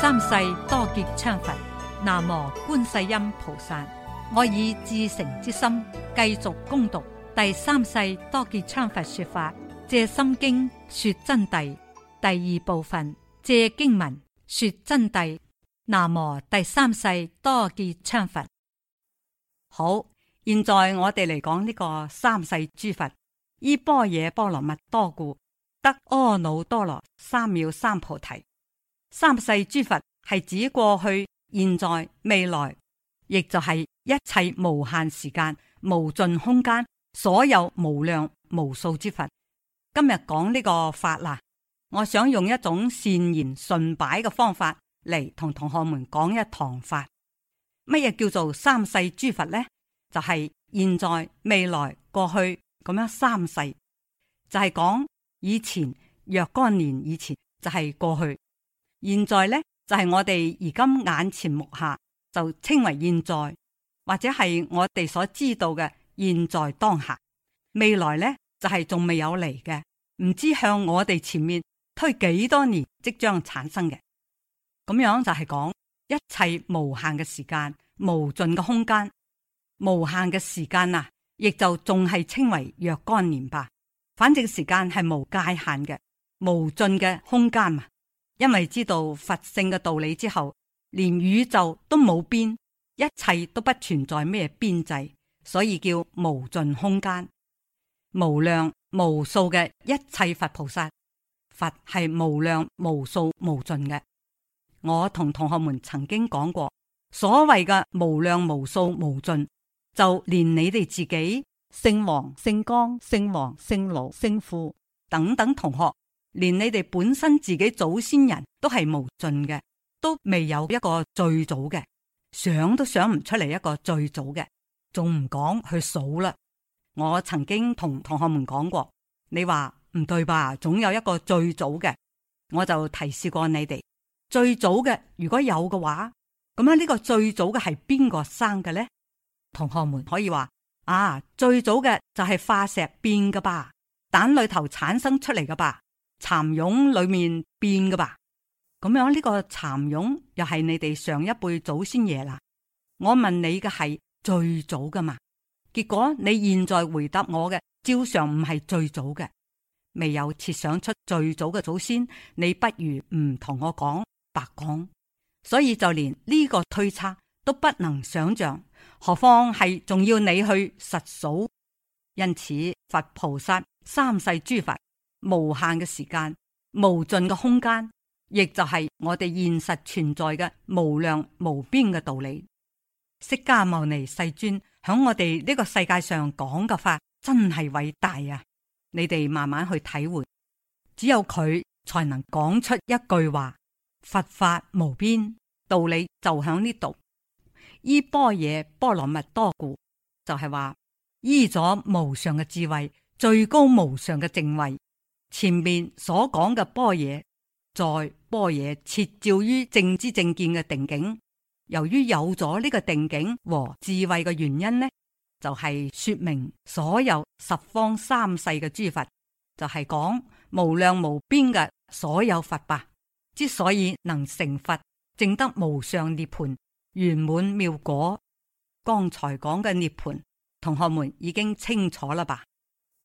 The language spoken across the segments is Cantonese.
三世多杰羌佛，南無觀世音菩薩。我以至誠之心，繼續攻讀第三世多杰羌佛說法。借心經說真諦，第二部分借經文說真諦。南無第三世多杰羌佛。好，現在我哋嚟講呢個三世諸佛，依般若波羅蜜多故，得阿耨多羅三藐三菩提。三世諸佛係指過去、現在、未來，亦就係一切無限時間、無盡空間、所有無量無數之佛。今日講呢個法啦，我想用一種善言順擺嘅方法嚟同同學們講一堂法。乜嘢叫做三世諸佛呢？就係現在、未來、過去咁樣三世，就係講以前若干年以前就係過去。現在咧就係、是、我哋而今眼前目下，就稱為現在，或者係我哋所知道嘅現在當下。未來咧就係仲未有嚟嘅，唔知向我哋前面推幾多年即將產生嘅。咁樣就係講一切無限嘅時間、無盡嘅空間、無限嘅時間啊，亦就仲係稱為若干年吧。反正時間係無界限嘅，無盡嘅空間嘛。因為知道佛性嘅道理之後，連宇宙都冇邊，一切都不存在咩邊際，所以叫無盡空間。無量無數嘅一切佛菩薩，佛係無量無數無盡嘅。我同同學們曾經講過，所謂嘅無量無數無盡，就連你哋自己，聖王、聖光、聖王、聖老、聖父等等同學。連你哋本身自己祖先人都係無盡嘅，都未有一個最早嘅，想都想唔出嚟一個最早嘅，仲唔講去數啦？我曾經同同學們講過，你話唔對吧？總有一個最早嘅，我就提示過你哋，最早嘅如果有嘅話，咁樣呢個最早嘅係邊個生嘅呢？」同學們可以話啊，最早嘅就係化石變㗎吧，蛋裏頭產生出嚟㗎吧？蠶蛹裡面變嘅吧？咁樣呢個蠶蛹又係你哋上一輩祖先爺啦。我問你嘅係最早嘅嘛？結果你現在回答我嘅，照常唔係最早嘅，未有設想出最早嘅祖先，你不如唔同我講白講，所以就連呢個推測都不能想象，何況係仲要你去實數。因此，佛菩薩三世諸佛。無限嘅時間、無盡嘅空間，亦就係我哋現實存在嘅無量無邊嘅道理。釋迦牟尼世尊響我哋呢個世界上講嘅法真係偉大啊！你哋慢慢去體會，只有佢才能講出一句話：佛法無邊，道理就響呢度。依般若波羅蜜多故，就係、是、話依咗無常嘅智慧、最高無常嘅正位。前面所講嘅般若，在般若切照於正知正見嘅定境，由於有咗呢個定境和智慧嘅原因呢，就係、是、說明所有十方三世嘅諸佛，就係、是、講無量無邊嘅所有佛吧。之所以能成佛，證得無上涅槃圓滿妙果，剛才講嘅涅槃，同學們已經清楚了吧？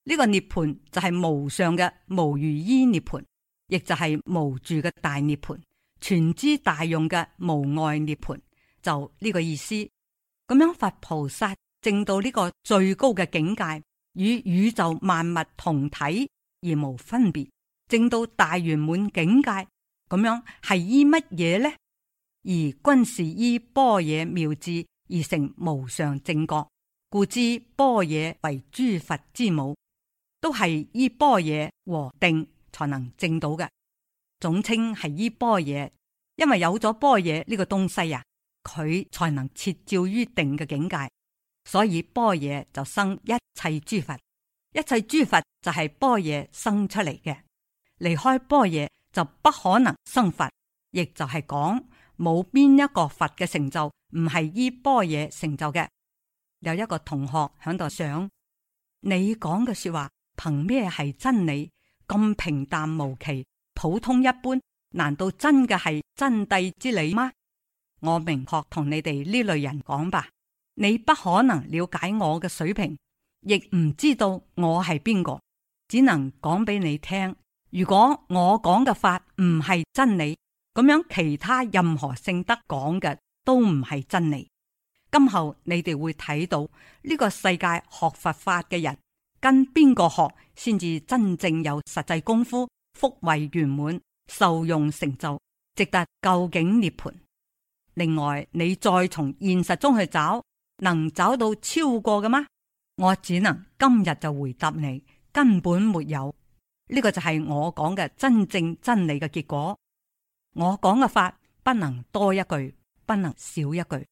呢個涅槃就係無上嘅無餘依涅槃，亦就係無住嘅大涅槃，全知大用嘅無礙涅槃，就呢個意思。咁樣佛菩薩證到呢個最高嘅境界，與宇宙萬物同體而無分別，證到大圓滿境界，咁樣係依乜嘢呢？而均是依般若妙智而成無上正覺，故知般若為諸佛之母。都係依般若和定才能證到嘅，總稱係依般若，因為有咗般若呢個東西啊，佢才能徹照於定嘅境界，所以般若就生一切諸佛，一切諸佛就係般若生出嚟嘅。離開般若就不可能生佛，亦就係講冇邊一個佛嘅成就唔係依般若成就嘅。有一個同學響度想，你講嘅說話。憑咩，係真理咁平淡無奇、普通一般，難道真嘅係真諦之理嗎？我明確同你哋呢類人講吧，你不可能了解我嘅水平，亦唔知道我係邊個，只能講俾你聽。如果我講嘅法唔係真理，咁樣其他任何聖德講嘅都唔係真理。今後你哋會睇到呢個世界學佛法嘅人，跟邊個學先至真正有實際功夫，福慧圓滿，受用成就，直達究竟涅盤。另外，你再從現實中去找，能找到超過嘅嗎？我只能今日就回答你，根本沒有。呢、這個就係我講嘅真正真理嘅結果。我講嘅法不能多一句，不能少一句，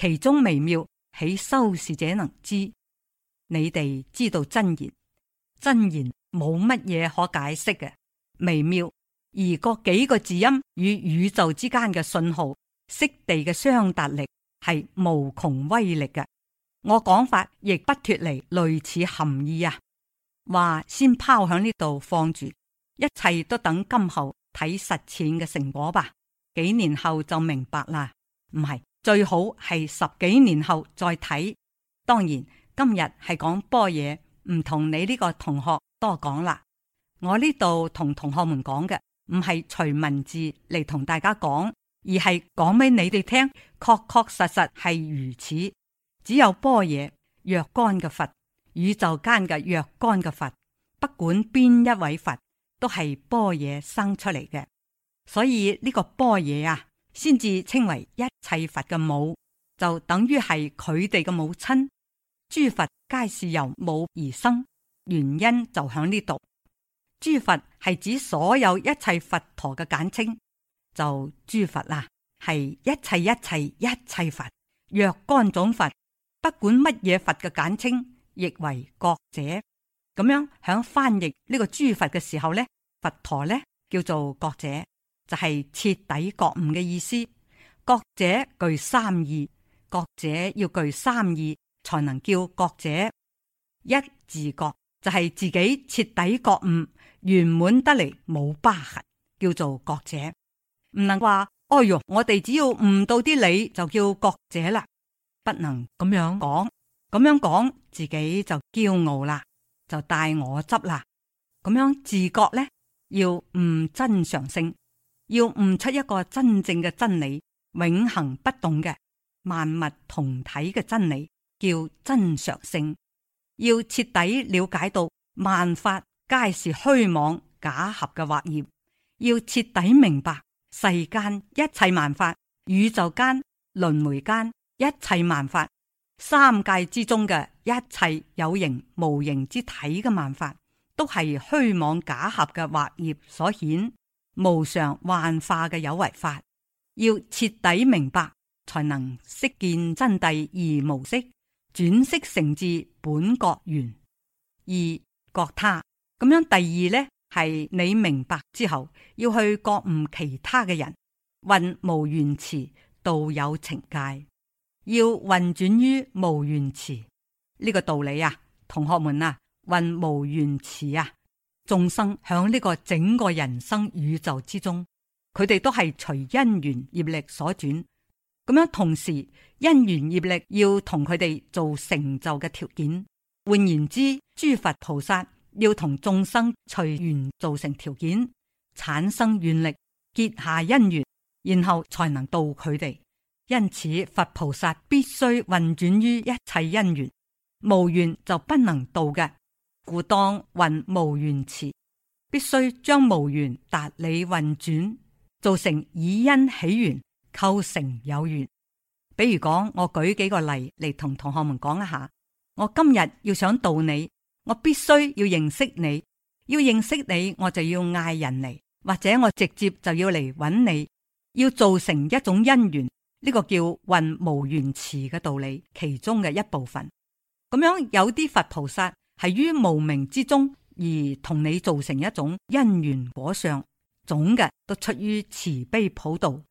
其中微妙，豈收是者能知？你哋知道真言，真言冇乜嘢可解釋嘅微妙，而嗰幾個字音與宇宙之間嘅信號，息地嘅相達力係無窮威力嘅。我講法亦不脫離類似含義啊。話先拋響呢度放住，一切都等今後睇實踐嘅成果吧。幾年後就明白啦，唔係，最好係十幾年後再睇。當然。今日係講般若，唔同你呢個同學多講啦。我呢度同同學們講嘅，唔係隨文字嚟，同大家講，而係講俾你哋聽，確確實實係如此。只有般若，若干嘅佛，宇宙間嘅若干嘅佛，不管邊一位佛，都係般若生出嚟嘅。所以呢個般若啊，先至稱為一切佛嘅母，就等於係佢哋嘅母親。諸佛皆是由武而生，原因就響呢度。諸佛係指所有一切佛陀嘅簡稱，就諸佛啦、啊，係一切一切一切佛，若干種佛，不管乜嘢佛嘅簡稱，亦為覺者。咁樣響翻譯呢個諸佛嘅時候咧，佛陀咧叫做覺者，就係、是、徹底覺悟嘅意思。覺者具三義，「覺者要具三義。才能叫覺者，一自覺就係自己徹底覺悟，圓滿得嚟冇疤痕，叫做覺者。唔能話，哦喲，我哋只要悟到啲理就叫覺者啦，不能咁樣講，咁樣講自己就驕傲啦，就大我執啦。咁樣自覺咧，要悟真常性，要悟出一個真正嘅真理，永恆不動嘅萬物同體嘅真理。叫真實性，要徹底了解到萬法皆是虛妄假合嘅惑業，要徹底明白世間一切萬法、宇宙間、輪回間一切萬法、三界之中嘅一切有形無形之體嘅萬法，都係虛妄假合嘅惑業所顯無常幻化嘅有為法，要徹底明白，才能識見真諦而無色。轉識成智本覺圓，二覺他。咁樣，第二呢，係你明白之後，要去覺悟其他嘅人。運無緣慈，道有情界，要運轉於無緣慈呢個道理啊！同學們啊，運無緣慈啊，眾生響呢個整個人生宇宙之中，佢哋都係隨因緣業力所轉。咁樣同時，因緣業力要同佢哋做成就嘅條件。換言之，諸佛菩薩要同眾生隨緣造成條件，產生願力，結下因緣，然後才能度佢哋。因此，佛菩薩必須運轉於一切因緣，無緣就不能度嘅。故當運無緣時，必須將無緣達理運轉，造成以因起緣。構成有緣，比如講，我舉幾個例嚟，同同學們講一下。我今日要想度你，我必須要認識你。要認識你，我就要嗌人嚟，或者我直接就要嚟揾你，要造成一種因緣。呢、這個叫運無緣慈嘅道理，其中嘅一部分。咁樣，有啲佛菩薩係於無名之中而同你造成一種因緣果相，總嘅都出於慈悲普度。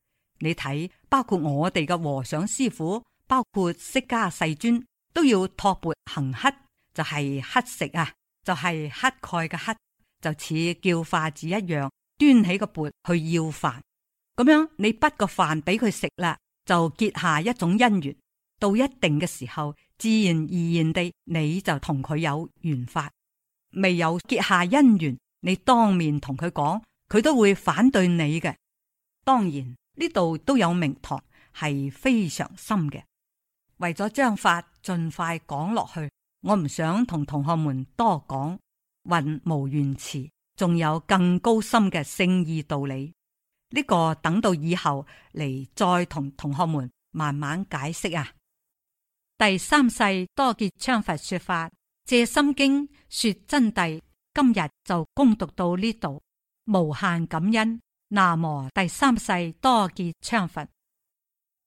你睇，包括我哋嘅和尚師傅，包括釋迦世尊，都要托缽行乞，就係、是、乞食啊，就係、是、乞丐嘅乞，就似叫化子一樣，端起個缽去要飯。咁樣你撥個飯俾佢食啦，就結下一種因緣。到一定嘅時候，自然而然地你就同佢有緣法。未有結下因緣，你當面同佢講，佢都會反對你嘅。當然。呢度都有名堂，係非常深嘅。為咗將法盡快講落去，我唔想同同學們多講，云無原詞，仲有更高深嘅聖意道理。呢、這個等到以後嚟再同同學們慢慢解釋啊。第三世多杰羌佛說法借心經說真諦，今日就恭讀到呢度，無限感恩。南無第三世多杰羌佛。